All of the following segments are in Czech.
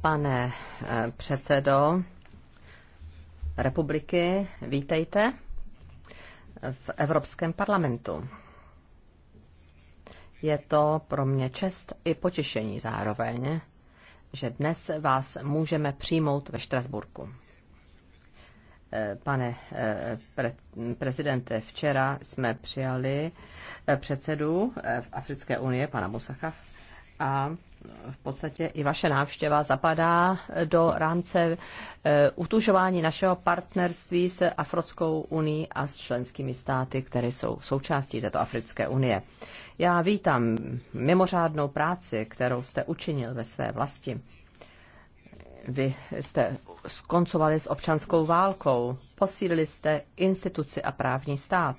Pane eh, předsedo republiky, vítejte v Evropském parlamentu. Je to pro mě čest i potěšení zároveň, že dnes vás můžeme přijmout ve Štrasburku. Pane eh, pre, prezidente, včera jsme přijali eh, předsedu eh, Africké unie, pana Musacha, a v podstatě i vaše návštěva zapadá do rámce utužování našeho partnerství s Africkou unii a s členskými státy, které jsou součástí této Africké unie. Já vítám mimořádnou práci, kterou jste učinil ve své vlasti vy jste skoncovali s občanskou válkou, posílili jste instituci a právní stát.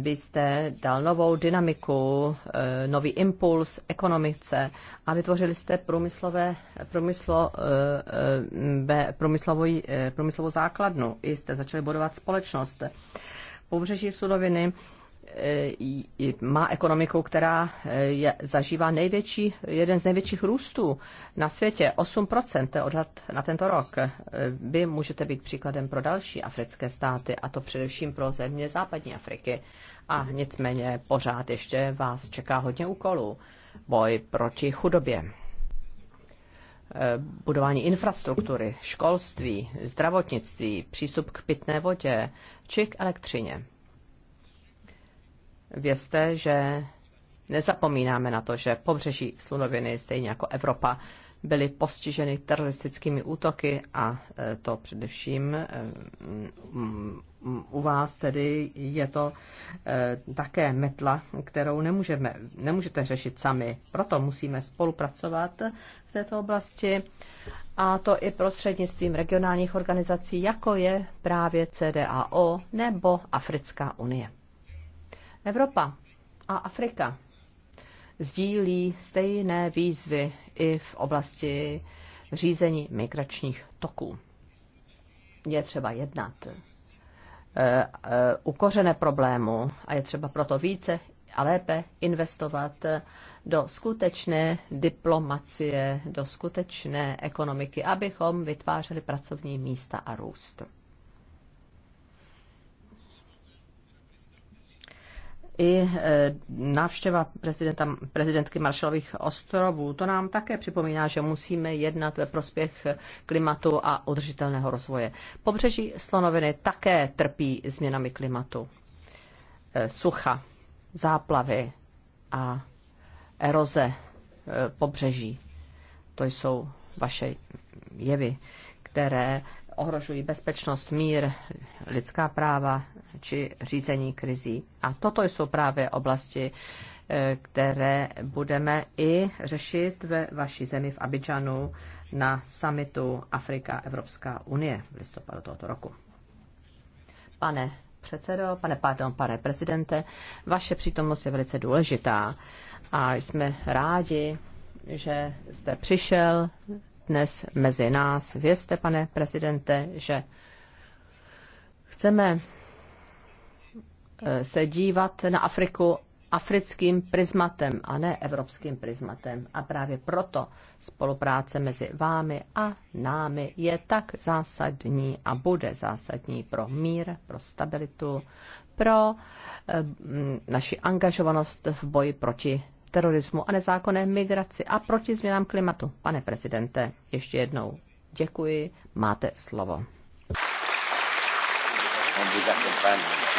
Vy jste dal novou dynamiku, eh, nový impuls ekonomice a vytvořili jste průmyslové, průmyslo, eh, eh, průmyslovou základnu. I jste začali budovat společnost. Pobřeží Sudoviny E, má ekonomiku, která e, je, zažívá největší, jeden z největších růstů na světě, 8% to je odhad na tento rok. E, vy můžete být příkladem pro další africké státy, a to především pro země západní Afriky. A nicméně pořád ještě vás čeká hodně úkolů. Boj proti chudobě, budování infrastruktury, školství, zdravotnictví, přístup k pitné vodě či k elektřině vězte, že nezapomínáme na to, že pobřeží Slunoviny, stejně jako Evropa, byly postiženy teroristickými útoky a e, to především e, mm, u vás tedy je to e, také metla, kterou nemůžeme, nemůžete řešit sami. Proto musíme spolupracovat v této oblasti a to i prostřednictvím regionálních organizací, jako je právě CDAO nebo Africká unie. Evropa a Afrika sdílí stejné výzvy i v oblasti řízení migračních toků. Je třeba jednat eh, eh, u problému a je třeba proto více a lépe investovat do skutečné diplomacie, do skutečné ekonomiky, abychom vytvářeli pracovní místa a růst. i e, návštěva prezidenta, prezidentky Maršalových ostrovů. To nám také připomíná, že musíme jednat ve prospěch klimatu a udržitelného rozvoje. Pobřeží slonoviny také trpí změnami klimatu. E, sucha, záplavy a eroze e, pobřeží. To jsou vaše jevy, které ohrožují bezpečnost, mír, lidská práva, či řízení krizí. A toto jsou právě oblasti, eh, které budeme i řešit ve vaší zemi v Abidžanu na summitu Afrika-Evropská unie v listopadu tohoto roku. Pane předsedo, pane, pardon, pane prezidente, vaše přítomnost je velice důležitá a jsme rádi, že jste přišel dnes mezi nás. Vězte, pane prezidente, že chceme Eh, se dívat na Afriku africkým prismatem a ne evropským prismatem. A právě proto spolupráce mezi vámi a námi je tak zásadní a bude zásadní pro mír, pro stabilitu, pro eh, naši angažovanost v boji proti terorismu a nezákonné migraci a proti změnám klimatu. Pane prezidente, ještě jednou děkuji, máte slovo. Thank you.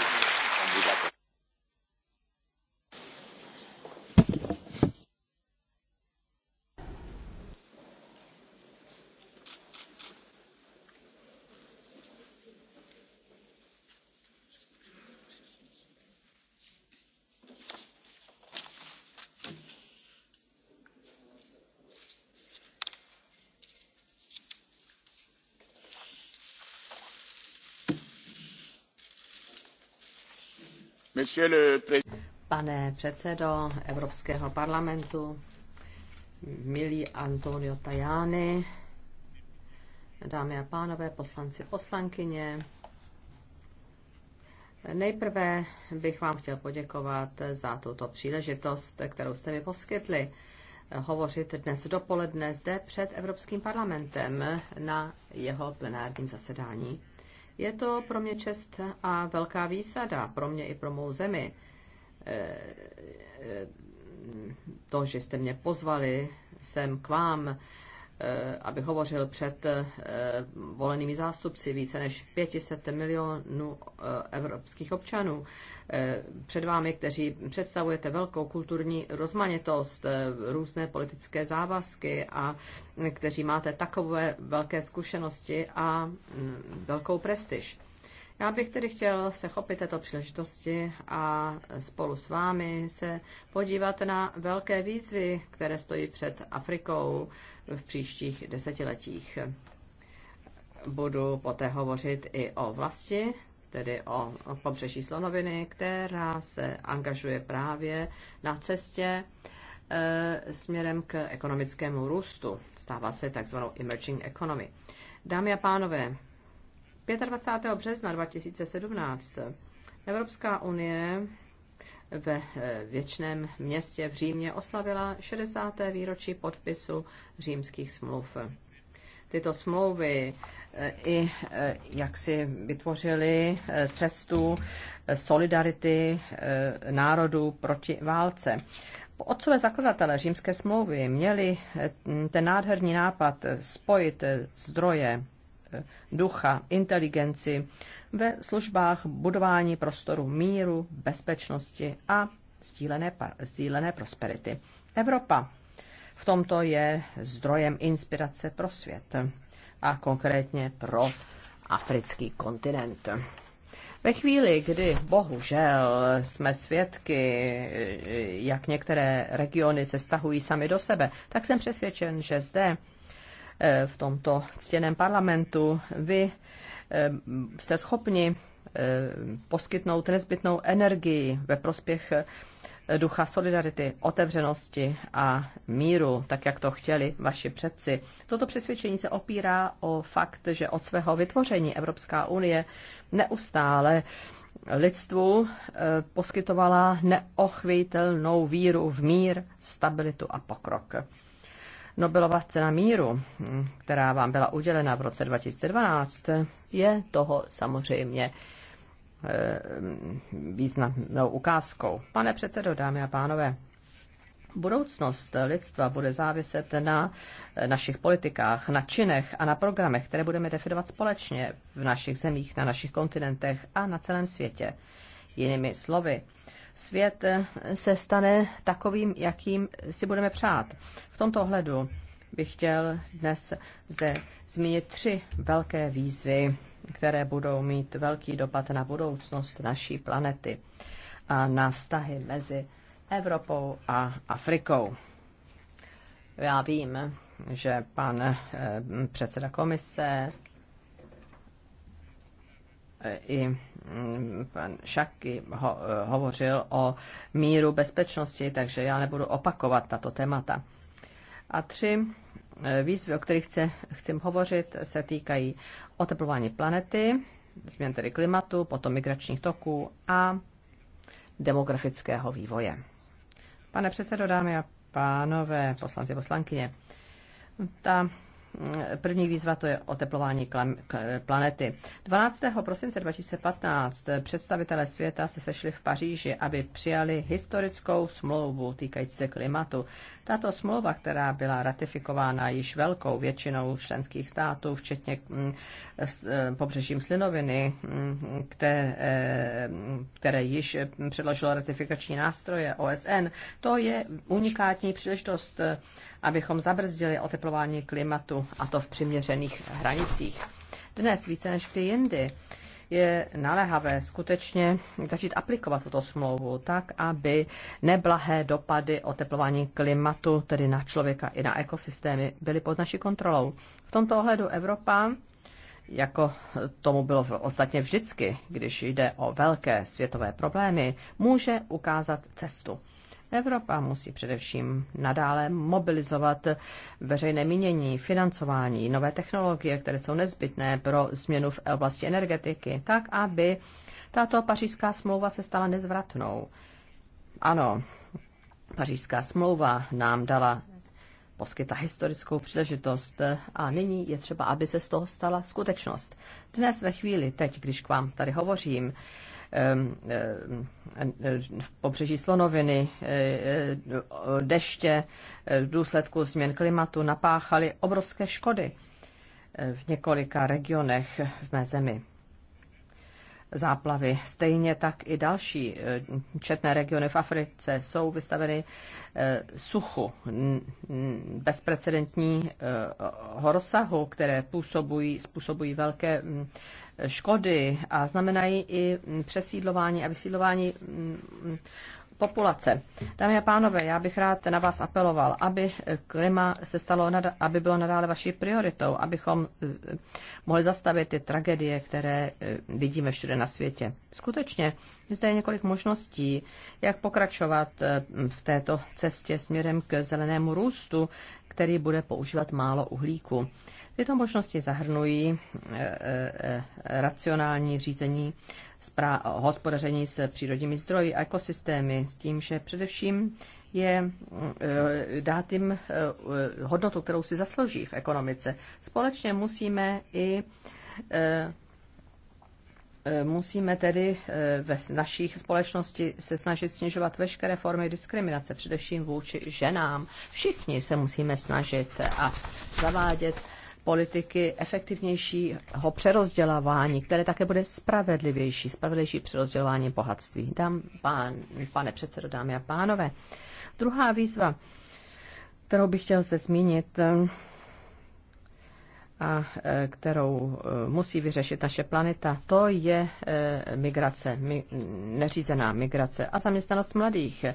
Pane předsedo Evropského parlamentu, milý Antonio Tajani, dámy a pánové, poslanci, poslankyně, Nejprve bych vám chtěl poděkovat za tuto příležitost, kterou jste mi poskytli hovořit dnes dopoledne zde před Evropským parlamentem na jeho plenárním zasedání. Je to pro mě čest a velká výsada, pro mě i pro mou zemi. Eh, eh, to, že jste mě pozvali sem k vám, Eh, aby hovořil před eh, volenými zástupci více než 500 milionů eh, evropských občanů. Před vámi, kteří představujete velkou kulturní rozmanitost, různé politické závazky a kteří máte takové velké zkušenosti a mm, velkou prestiž. Já bych tedy chtěl se chopit této příležitosti a spolu s vámi se podívat na velké výzvy, které stojí před Afrikou v příštích desetiletích. Budu poté hovořit i o vlasti, tedy o pobřeží Slonoviny, která se angažuje právě na cestě e, směrem k ekonomickému růstu. Stává se takzvanou emerging economy. Dámy a pánové, 25. března 2017 Evropská unie ve eh, věčném městě v Římě oslavila 60. výročí podpisu římských smluv. Tyto smlouvy eh, i eh, jak si vytvořily cestu solidarity národů proti válce. Otcové zakladatele římské smlouvy měli ten nádherný nápad spojit zdroje ducha, inteligenci ve službách budování prostoru míru, bezpečnosti a sdílené, sdílené prosperity. Evropa v tomto je zdrojem inspirace pro svět a konkrétně pro africký kontinent. Ve chvíli, kdy bohužel jsme svědky, jak některé regiony se stahují sami do sebe, tak jsem přesvědčen, že zde Eh, v tomto ctěném parlamentu. Vy eh, jste schopni eh, poskytnout nezbytnou energii ve prospěch ducha solidarity, otevřenosti a míru, tak jak to chtěli vaši předci. Toto přesvědčení se opírá o fakt, že od svého vytvoření Evropská unie neustále lidstvu poskytovala neochvějitelnou víru v mír, stabilitu a pokrok. Nobelova cena míru, která vám byla udělena v roce 2012, je toho samozřejmě eh, významnou ukázkou. Pane předsedo, dámy a pánové, budoucnost lidstva bude záviset na eh, našich politikách, na činech a na programech, které budeme definovat společně v našich zemích, na našich kontinentech a na celém světě. Jinými slovy, svět eh, se stane takovým, jakým si budeme přát. V tomto ohledu bych chtěl dnes zde zmínit tři velké výzvy, které budou mít velký dopad na budoucnost naší planety a na vztahy mezi Evropou a Afrikou. Já vím, že pan eh, předseda komise i mm, pan Šaky ho, eh, hovořil o míru bezpečnosti, takže já nebudu opakovat tato témata. A tři eh, výzvy, o kterých chci, chci hovořit, se týkají oteplování planety, změn tedy klimatu, potom migračních toků a demografického vývoje. Pane předsedo, dámy a pánové, poslanci, poslankyně, ta První výzva to je oteplování planety. 12. prosince 2015 představitelé světa se sešli v Paříži, aby přijali historickou smlouvu týkající se klimatu. Tato smlouva, která byla ratifikována již velkou většinou členských států, včetně mm, eh, pobřežím Slinoviny, mm, které, eh, které již předložilo ratifikační nástroje OSN, to je unikátní příležitost, eh, abychom zabrzdili oteplování klimatu, a to v přiměřených hranicích. Dnes více než kdy jindy je naléhavé skutečně začít aplikovat tuto smlouvu tak, aby neblahé dopady oteplování klimatu, tedy na člověka i na ekosystémy, byly pod naší kontrolou. V tomto ohledu Evropa jako tomu bylo ostatně vždycky, když jde o velké světové problémy, může ukázat cestu. Evropa musí především nadále mobilizovat veřejné mínění, financování, nové technologie, které jsou nezbytné pro změnu v oblasti energetiky, tak aby tato pařížská smlouva se stala nezvratnou. Ano, pařížská smlouva nám dala poskytla historickou příležitost a nyní je třeba, aby se z toho stala skutečnost. Dnes ve chvíli, teď, když k vám tady hovořím, v pobřeží slonoviny, eh, eh, deště eh, v důsledku změn klimatu napáchaly obrovské škody v několika regionech v mé zemi záplavy. Stejně tak i další četné regiony v Africe jsou vystaveny suchu, bezprecedentního rozsahu, které působují, způsobují velké mm, škody a znamenají i přesídlování a vysídlování mm, populace. Dámy a pánové, já bych rád na vás apeloval, aby klima se stalo, aby bylo nadále vaší prioritou, abychom eh, mohli zastavit ty tragédie, které eh, vidíme všude na světě. Skutečně, zde je několik možností, jak pokračovat eh, v této cestě směrem k zelenému růstu, který bude používat málo uhlíku. Tyto možnosti zahrnují eh, eh, eh, racionální řízení hospodaření s přírodními zdroji a ekosystémy, s tím, že především je dát jim hodnotu, kterou si zaslouží v ekonomice. Společně musíme i musíme tedy ve našich společnosti se snažit snižovat veškeré formy diskriminace, především vůči ženám. Všichni se musíme snažit a zavádět politiky efektivnějšího přerozdělování, které také bude spravedlivější, spravedlivější přerozdělování bohatství. Dám, pán, pane předsedo, dámy a pánové. Druhá výzva, kterou bych chtěl zde zmínit, a e, kterou e, musí vyřešit naše planeta, to je e, migrace, neřízená migrace a zaměstnanost mladých.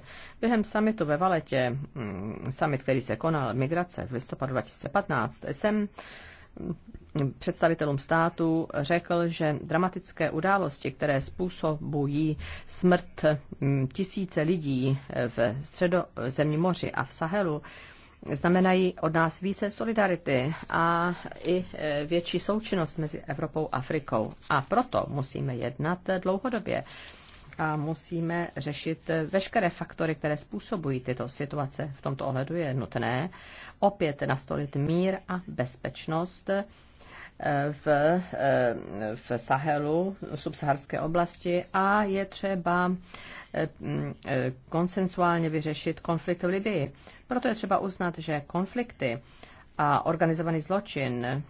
Během summitu ve Valetě, mm, summit, který se konal migrace v listopadu 2015, jsem představitelům státu řekl, že dramatické události, které způsobují smrt mm, tisíce lidí v středozemním moři a v Sahelu, znamenají od nás více solidarity a i e, větší součinnost mezi Evropou a Afrikou. A proto musíme jednat dlouhodobě a musíme řešit veškeré faktory, které způsobují tyto situace. V tomto ohledu je nutné opět nastolit mír a bezpečnost v, eh, v Sahelu, v subsaharské oblasti a je třeba eh, mm, eh, konsensuálně vyřešit konflikt v Libii. Proto je třeba uznat, že konflikty a organizovaný zločin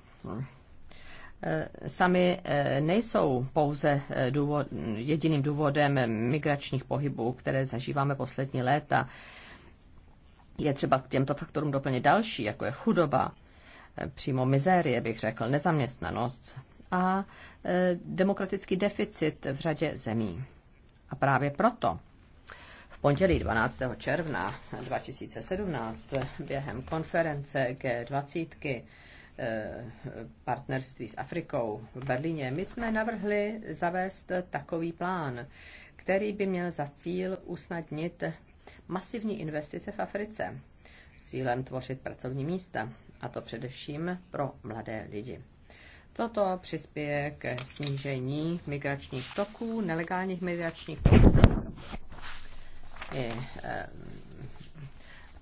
sami nejsou pouze důvod, jediným důvodem migračních pohybů, které zažíváme poslední léta. Je třeba k těmto faktorům doplnit další, jako je chudoba, přímo mizérie, bych řekl, nezaměstnanost a e, demokratický deficit v řadě zemí. A právě proto v pondělí 12. června 2017 během konference G20 e, partnerství s Afrikou v Berlíně, my jsme navrhli zavést takový plán, který by měl za cíl usnadnit masivní investice v Africe s cílem tvořit pracovní místa a to především pro mladé lidi. Toto přispěje ke snížení migračních toků, nelegálních migračních toků i, eh,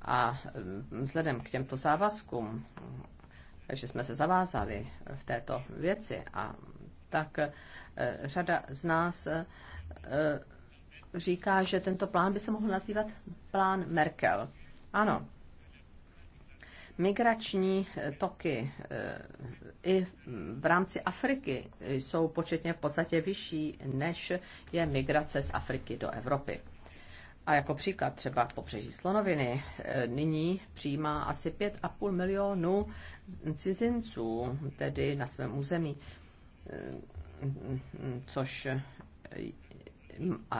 a mm, vzhledem k těmto závazkům, že jsme se zavázali v této věci, a tak eh, řada z nás eh, říká, že tento plán by se mohl nazývat plán Merkel. Ano, Migrační eh, toky eh, i v rámci Afriky jsou početně v podstatě vyšší, než je migrace z Afriky do Evropy. A jako příklad třeba pobřeží Slonoviny eh, nyní přijímá asi 5,5 milionu cizinců, tedy na svém území, což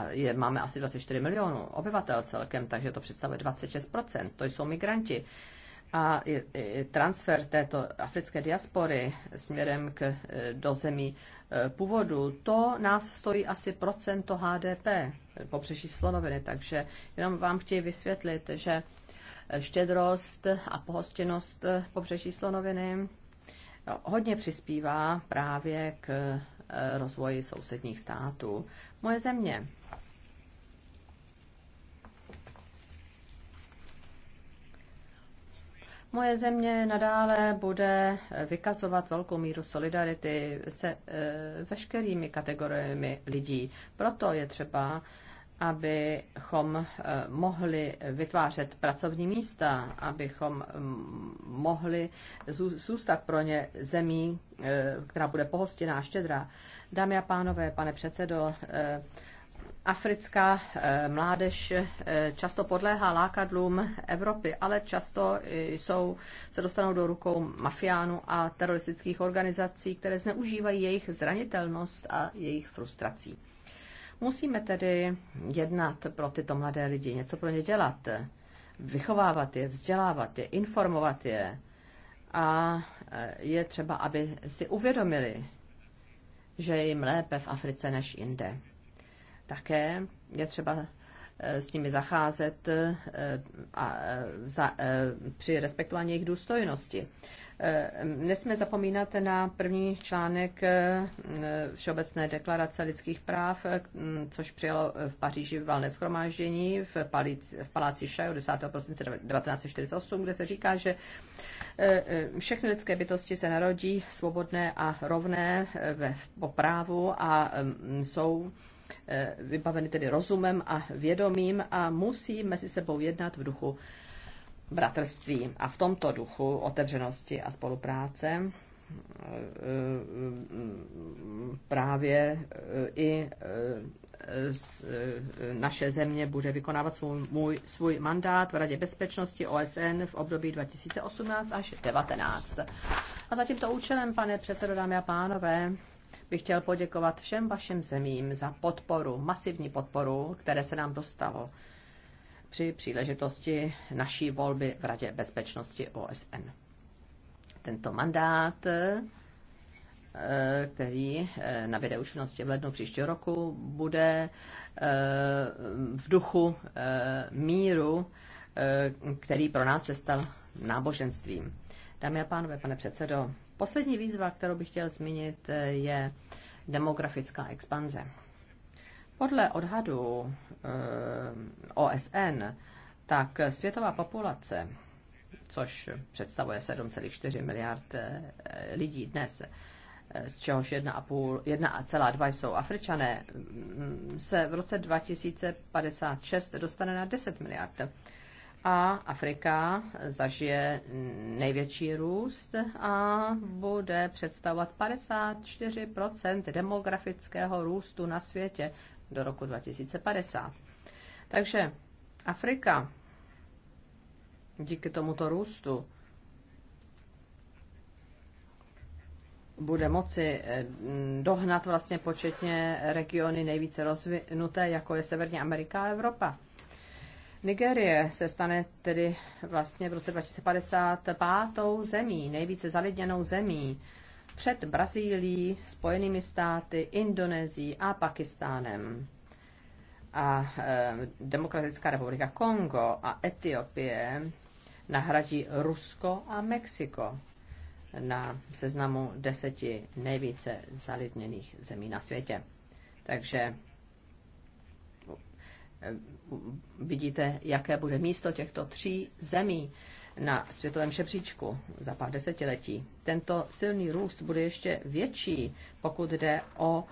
je, máme asi 24 milionů obyvatel celkem, takže to představuje 26%. To jsou migranti a transfer této africké diaspory směrem k, e, do zemí e, původu, to nás stojí asi procento HDP pobřeží Slonoviny, takže jenom vám chtějí vysvětlit, že štědrost a pohostinnost e, pobřeží Slonoviny no, hodně přispívá právě k rozvoji sousedních států. Moje země, Moje země nadále bude eh, vykazovat velkou míru solidarity se eh, veškerými kategoriemi lidí. Proto je třeba abychom eh, mohli vytvářet pracovní místa, abychom mm, mohli zůstat pro ně zemí, která bude pohostěná štědra. Dámy a pánové, pane předsedo, Africká eh, mládež eh, často podléhá lákadlům Evropy, ale často eh, jsou, se dostanou do rukou mafiánů a teroristických organizací, které zneužívají jejich zranitelnost a jejich frustrací. Musíme tedy jednat pro tyto mladé lidi, něco pro ně dělat, vychovávat je, vzdělávat je, informovat je a je třeba, aby si uvědomili, že je jim lépe v Africe než jinde také je třeba eh, s nimi zacházet eh, a eh, za, při respektování jejich důstojnosti. Nesmíme zapomínat na první článek Všeobecné deklarace lidských práv, což přijalo v Paříži valné schromáždění v, v Paláci Šajo 10. prosince 1948, kde se říká, že všechny lidské bytosti se narodí svobodné a rovné ve, po právu a mm, jsou Eh, vybaveny tedy rozumem a vědomím a musí mezi sebou jednat v duchu bratrství. A v tomto duchu otevřenosti a spolupráce eh, eh, právě i naše země bude vykonávat svůj, můj, svůj mandát v Radě bezpečnosti OSN v období 2018 až 2019. A za tímto účelem, pane předsedo, dámy a pánové, bych chtěl poděkovat všem vašim zemím za podporu, masivní podporu, které se nám dostalo při příležitosti naší volby v Radě bezpečnosti OSN. Tento mandát, eh, který eh, nabíde účinnosti v lednu příštího roku, bude eh, v duchu míru, který pro nás se stal náboženstvím. Dámy a pánové, pane předsedo, Poslední výzva, kterou bych chtěl zmínit, eh, je demografická expanze. Podle odhadu eh, OSN, tak světová populace, což představuje 7,4 miliard eh, lidí dnes, z čehož 1,2 jsou Afričané, mm, se v roce 2056 dostane na 10 miliard a Afrika zažije největší růst a bude představovat 54 demografického růstu na světě do roku 2050. Takže Afrika díky tomuto růstu bude moci eh, dohnat vlastně početně regiony nejvíce rozvinuté, jako je Severní Amerika a Evropa. Nigérie se stane tedy vlastně v roce 2050 pátou zemí, nejvíce zalidněnou zemí před Brazílií, Spojenými státy, Indonésií a Pakistánem. A e, Demokratická republika Kongo a Etiopie nahradí Rusko a Mexiko na seznamu deseti nejvíce zalidněných zemí na světě. Takže Eh, vidíte, jaké bude místo těchto tří zemí na světovém šepříčku za pár desetiletí. Tento silný růst bude ještě větší, pokud jde o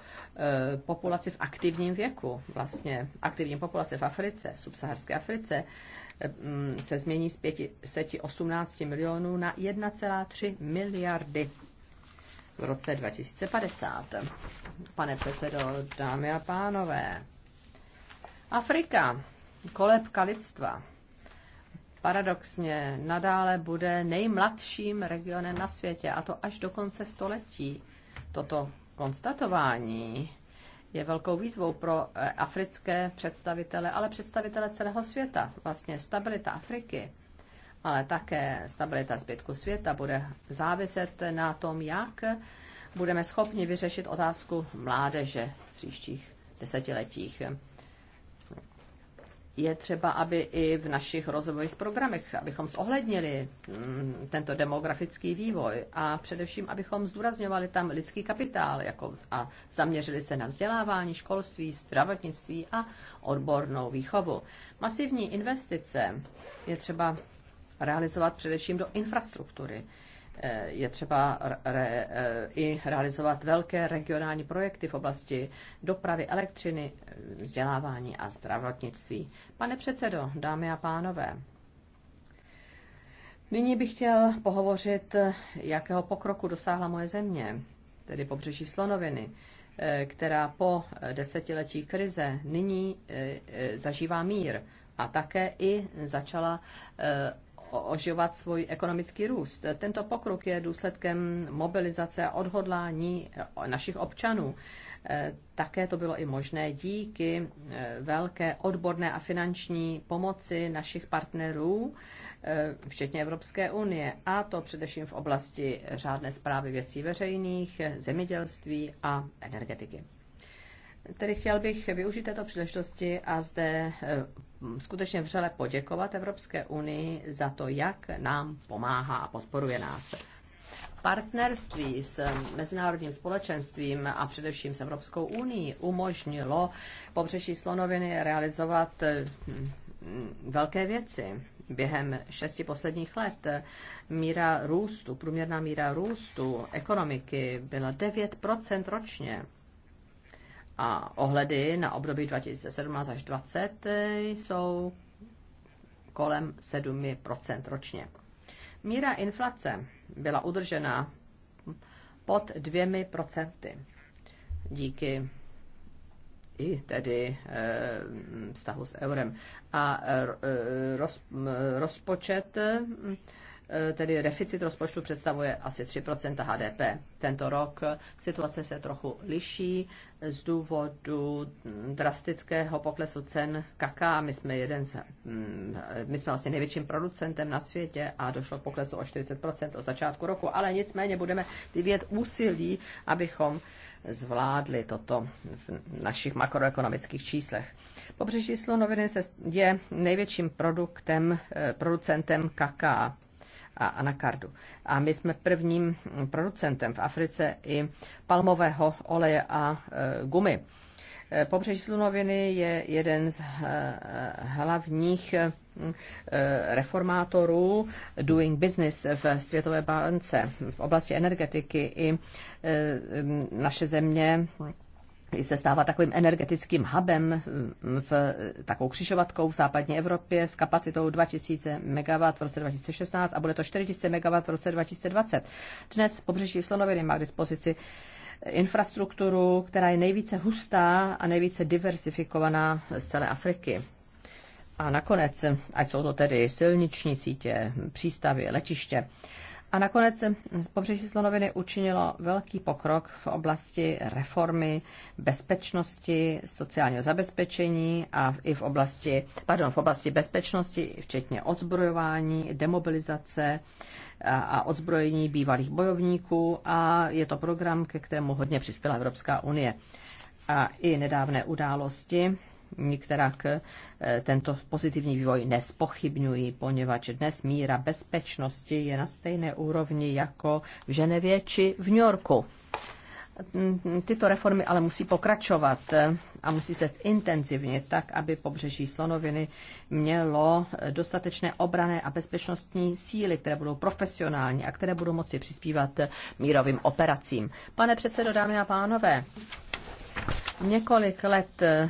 e, populaci v aktivním věku. Vlastně aktivní populace v Africe, v subsaharské Africe, e, se změní z 518 milionů na 1,3 miliardy v roce 2050. Pane předsedo, dámy a pánové, Afrika, kolebka lidstva, paradoxně nadále bude nejmladším regionem na světě, a to až do konce století. Toto konstatování je velkou výzvou pro eh, africké představitele, ale představitele celého světa. Vlastně stabilita Afriky, ale také stabilita zbytku světa bude záviset na tom, jak budeme schopni vyřešit otázku mládeže v příštích desetiletích je třeba, aby i v našich rozvojových programech, abychom zohlednili mm, tento demografický vývoj a především, abychom zdůrazňovali tam lidský kapitál jako a zaměřili se na vzdělávání, školství, zdravotnictví a odbornou výchovu. Masivní investice je třeba realizovat především do infrastruktury je třeba re, i realizovat velké regionální projekty v oblasti dopravy, elektřiny, vzdělávání a zdravotnictví. Pane předsedo, dámy a pánové, nyní bych chtěl pohovořit, jakého pokroku dosáhla moje země, tedy pobřeží Slonoviny, která po desetiletí krize nyní e, e, zažívá mír a také i začala e, oživovat svůj ekonomický růst. Tento pokrok je důsledkem mobilizace a odhodlání eh, našich občanů. Eh, také to bylo i možné díky eh, velké odborné a finanční pomoci našich partnerů, včetně Evropské unie, a to především v oblasti řádné zprávy věcí veřejných, zemědělství a energetiky. Tedy chtěl bych využít této příležitosti a zde eh, skutečně vřele poděkovat Evropské unii za to, jak nám pomáhá a podporuje nás. Partnerství s mezinárodním společenstvím a především s Evropskou unii umožnilo pobřeží Slonoviny realizovat eh, hm, velké věci. Během šesti posledních let eh, míra růstu, průměrná míra růstu ekonomiky byla 9% ročně a ohledy na období 2017 až 2020 eh, jsou kolem 7 ročně. Míra inflace byla udržena pod 2 procenty díky i tedy eh, vztahu s eurem. A eh, rozpočet Eh, tedy deficit rozpočtu představuje asi 3 HDP. Tento rok situace se trochu liší z důvodu mm, drastického poklesu cen kaká. My jsme jeden z, mm, my jsme vlastně největším producentem na světě a došlo k poklesu o 40 od začátku roku, ale nicméně budeme vyvíjet úsilí, abychom zvládli toto v našich makroekonomických číslech. Pobřeží slonoviny je největším produktem, eh, producentem kaká a anakardu. A my jsme prvním producentem v Africe i palmového oleje a e, gumy. E, pobřeží Slunoviny je jeden z e, hlavních reformátorů Doing Business v Světové bance v oblasti energetiky i naše země se stává takovým energetickým hubem, mm, v, takovou křižovatkou v západní Evropě s kapacitou 2000 MW v roce 2016 a bude to 4000 MW v roce 2020. Dnes pobřeží Slonoviny má k dispozici infrastrukturu, která je nejvíce hustá a nejvíce diversifikovaná z celé Afriky. A nakonec, ať jsou to tedy silniční sítě, přístavy, letiště, a nakonec pobřeží Slonoviny učinilo velký pokrok v oblasti reformy bezpečnosti, sociálního zabezpečení a i v oblasti, pardon, v oblasti bezpečnosti, včetně odzbrojování, demobilizace a odzbrojení bývalých bojovníků a je to program, ke kterému hodně přispěla Evropská unie. A i nedávné události nikterak eh, tento pozitivní vývoj nespochybňují, poněvadž dnes míra bezpečnosti je na stejné úrovni jako v Ženevě či v New Yorku. Mm, mm, tyto reformy ale musí pokračovat eh, a musí se intenzivně tak, aby pobřeží Slonoviny mělo eh, dostatečné obrané a bezpečnostní síly, které budou profesionální a které budou moci přispívat mírovým operacím. Pane předsedo, dámy a pánové, Několik let eh,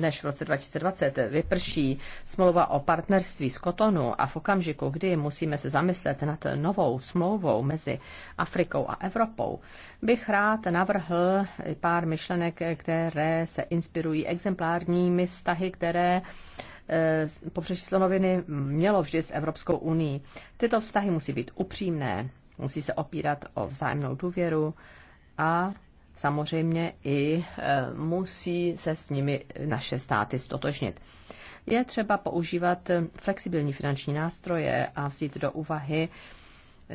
než v roce 2020 vyprší smlouva o partnerství z Kotonu a v okamžiku, kdy musíme se zamyslet nad novou smlouvou mezi Afrikou a Evropou, bych rád navrhl pár myšlenek, které se inspirují exemplárními vztahy, které eh, pobřeží Slonoviny mělo vždy s Evropskou unii. Tyto vztahy musí být upřímné, musí se opírat o vzájemnou důvěru a samozřejmě i e, musí se s nimi naše státy stotožnit. Je třeba používat flexibilní finanční nástroje a vzít do úvahy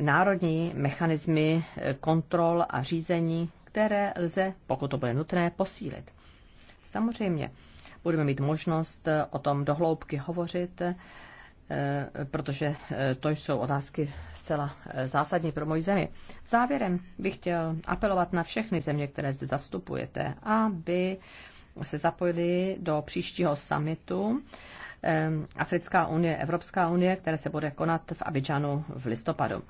národní mechanismy e, kontrol a řízení, které lze, pokud to bude nutné, posílit. Samozřejmě budeme mít možnost o tom dohloubky hovořit Eh, protože eh, to jsou otázky zcela eh, zásadní pro moji zemi. Závěrem bych chtěl apelovat na všechny země, které zde zastupujete, aby se zapojili do příštího summitu Africká unie, Evropská unie, které se bude konat v Abidžanu v listopadu.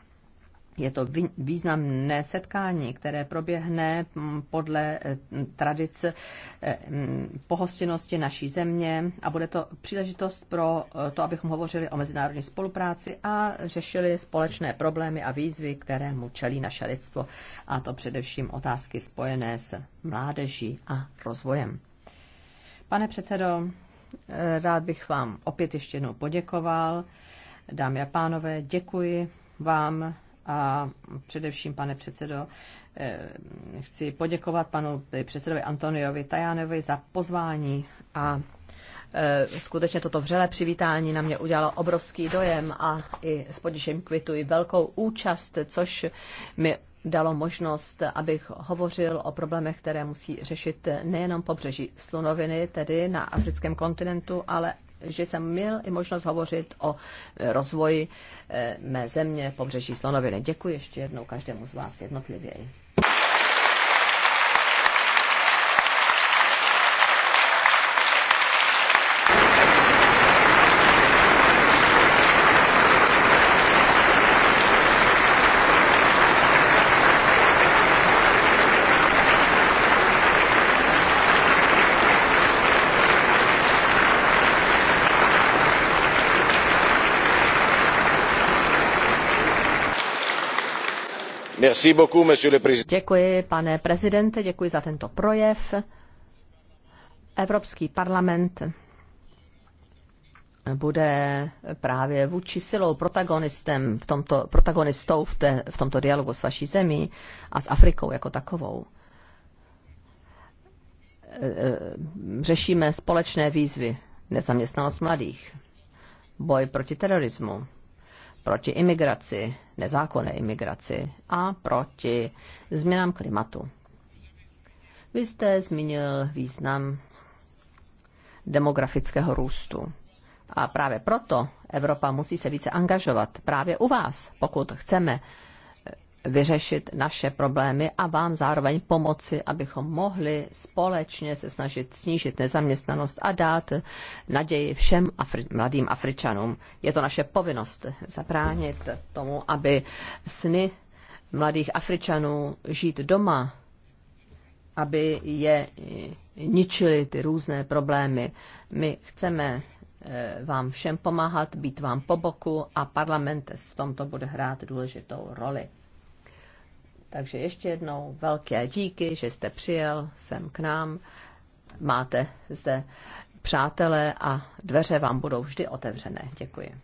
Je to významné setkání, které proběhne mm, podle eh, tradic eh, mm, pohostinnosti naší země a bude to příležitost pro eh, to, abychom hovořili o mezinárodní spolupráci a řešili společné problémy a výzvy, kterému čelí naše lidstvo, a to především otázky spojené s mládeží a rozvojem. Pane předsedo, rád bych vám opět ještě jednou poděkoval. Dámy a pánové, děkuji vám a především, pane předsedo, eh, chci poděkovat panu předsedovi Antoniovi Tajánovi za pozvání a eh, skutečně toto vřelé přivítání na mě udělalo obrovský dojem a i s potěšením kvituji velkou účast, což mi dalo možnost, abych hovořil o problémech, které musí řešit nejenom pobřeží slunoviny, tedy na africkém kontinentu, ale že jsem měl i možnost hovořit o e, rozvoji e, mé země pobřeží Slonoviny. Děkuji ještě jednou každému z vás jednotlivěji. Děkuji, pane prezidente, děkuji za tento projev. Evropský parlament bude právě vůči silou protagonistem v tomto, protagonistou v, v tomto dialogu s vaší zemí a s Afrikou jako takovou. Řešíme společné výzvy, nezaměstnanost mladých, boj proti terorismu, proti imigraci, nezákonné imigraci a proti změnám klimatu. Vy jste zmínil význam demografického růstu. A právě proto Evropa musí se více angažovat právě u vás, pokud chceme vyřešit naše problémy a vám zároveň pomoci, abychom mohli společně se snažit snížit nezaměstnanost a dát naději všem Afri- mladým Afričanům. Je to naše povinnost zabránit tomu, aby sny mladých Afričanů žít doma, aby je ničili ty různé problémy. My chceme eh, vám všem pomáhat, být vám po boku a parlament v tomto bude hrát důležitou roli. Takže ještě jednou velké díky, že jste přijel sem k nám. Máte zde přátelé a dveře vám budou vždy otevřené. Děkuji.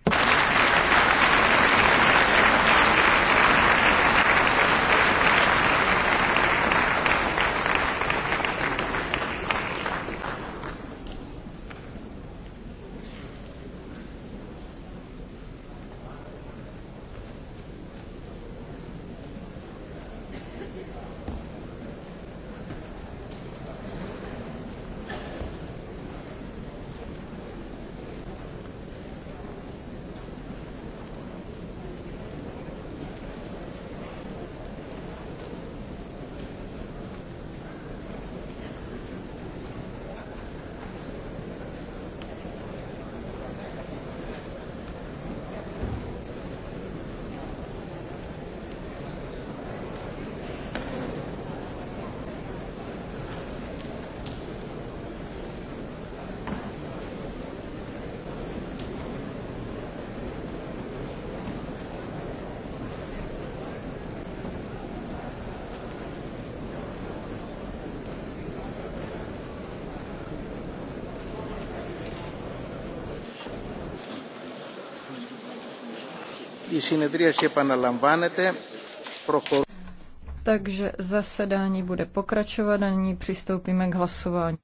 Takže zasedání bude pokračovat a nyní přistoupíme k hlasování.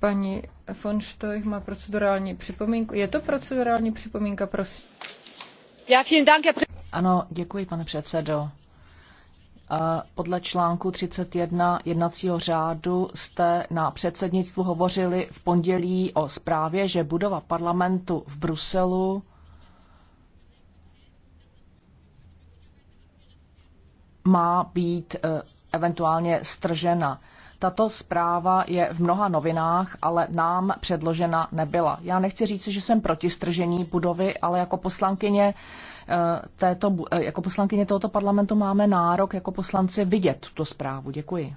Paní von Stoich má procedurální připomínku. Je to procedurální připomínka, prosím? Ano, děkuji, pane předsedo podle článku 31 jednacího řádu jste na předsednictvu hovořili v pondělí o zprávě, že budova parlamentu v Bruselu má být eh, eventuálně stržena. Tato zpráva je v mnoha novinách, ale nám předložena nebyla. Já nechci říct, že jsem proti stržení budovy, ale jako poslankyně, eh, této, eh, jako poslankyně tohoto parlamentu máme nárok jako poslanci vidět tuto zprávu. Děkuji.